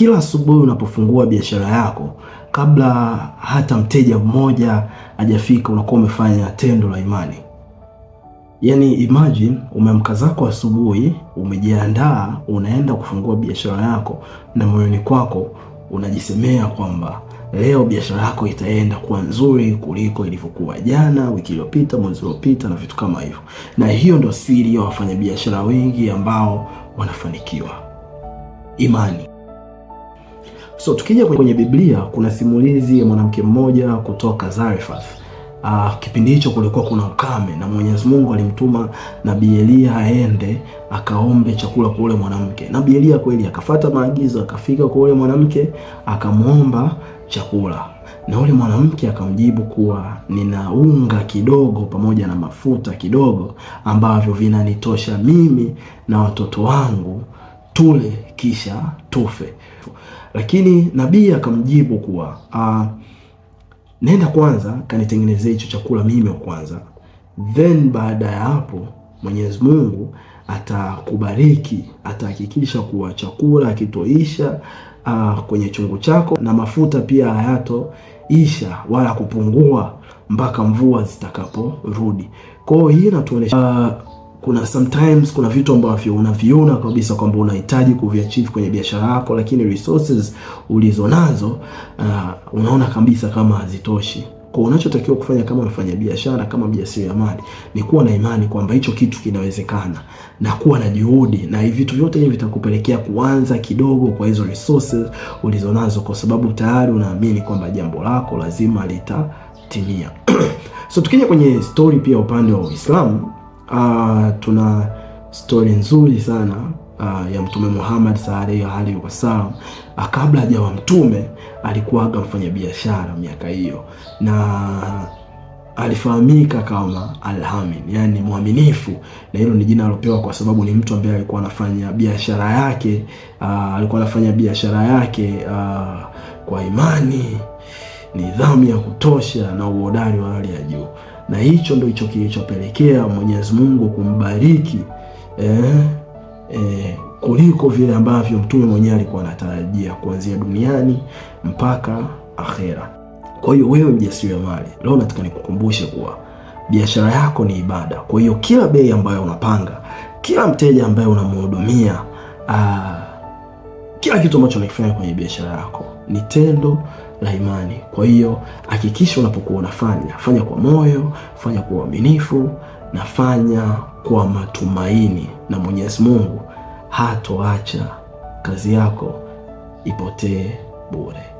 kila asubuhi unapofungua biashara yako, kabla hata mteja mmoja hajafika, unakuwa umefanya tendo la imani. Yaani imagine umeamka zako asubuhi, umejiandaa, unaenda kufungua biashara yako, na moyoni kwako unajisemea kwamba leo biashara yako itaenda kuwa nzuri kuliko ilivyokuwa jana, wiki iliyopita, mwezi uliopita na vitu kama hivyo. Na hiyo ndio siri ya wafanyabiashara wengi ambao wanafanikiwa, imani. So tukija kwenye Biblia kuna simulizi ya mwanamke mmoja kutoka Zarephath. Uh, kipindi hicho kulikuwa kuna ukame na Mwenyezi Mungu alimtuma Nabii Eliya aende akaombe chakula kwa ule mwanamke. Nabii Eliya kweli akafata maagizo, akafika kwa ule mwanamke akamwomba chakula, na ule mwanamke akamjibu kuwa nina unga kidogo pamoja na mafuta kidogo ambavyo vinanitosha mimi na watoto wangu tule kisha tufe. Lakini nabii akamjibu kuwa uh, nenda kwanza kanitengenezea hicho chakula mimi kwanza, then baada ya hapo Mwenyezi Mungu atakubariki, atahakikisha kuwa chakula akitoisha uh, ah, kwenye chungu chako na mafuta pia hayatoisha wala kupungua mpaka mvua zitakaporudi. Kwa hiyo hii inatuonesha uh, kuna sometimes kuna vitu ambavyo unaviona kabisa kwamba unahitaji kuviachieve kwenye biashara yako, lakini resources ulizonazo uh, unaona kabisa kama hazitoshi. Kwa unachotakiwa kufanya kama biashara, kama mjasiriamali ni kuwa na imani kwamba hicho kitu kinawezekana na kuwa na juhudi, na hivi vitu vyote hivi vitakupelekea kuanza kidogo kwa hizo resources ulizonazo, kwa sababu tayari unaamini kwamba jambo lako lazima litatimia. So tukija kwenye story pia upande wa Uislamu uh, tuna stori nzuri sana uh, ya Mtume Muhammad sallallahu alaihi wasallam uh, kabla hajawa mtume alikuwaga mfanyabiashara miaka hiyo, na alifahamika kama Alhamin, yani mwaminifu, na hilo ni jina alopewa kwa sababu ni mtu ambaye alikuwa anafanya biashara yake uh, alikuwa anafanya biashara yake uh, kwa imani, nidhamu ya kutosha na uhodari wa hali ya juu na hicho ndo hicho kilichopelekea Mwenyezi Mungu kumbariki eh, eh, kuliko vile ambavyo mtume mwenyewe alikuwa anatarajia kuanzia duniani mpaka akhera. Kwa hiyo wewe mjasiriamali, leo nataka nikukumbushe kuwa biashara yako ni ibada. Kwa hiyo kila bei ambayo unapanga, kila mteja ambaye unamhudumia, ah, kila kitu ambacho unakifanya kwenye biashara yako ni tendo la imani. Kwa hiyo hakikisha unapokuwa unafanya, fanya kwa moyo, fanya kwa uaminifu na fanya kwa matumaini, na Mwenyezi Mungu hatoacha kazi yako ipotee bure.